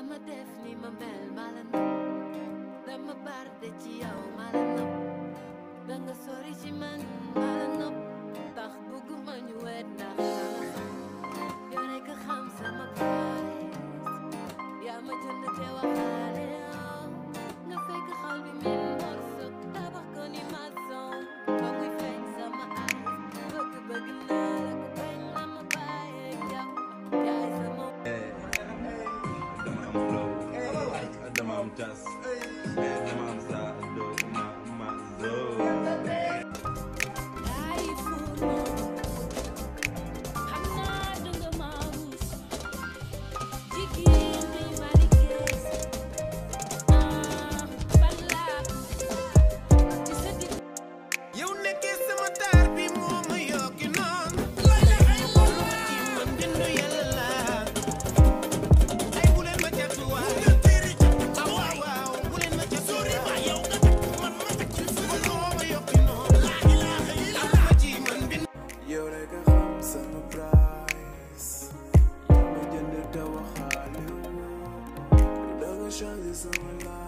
dama am a ma mel dama barde ci yow danga sori ci man ma la nopp tax bëgguma ñu wet ndax dama xam does change is on my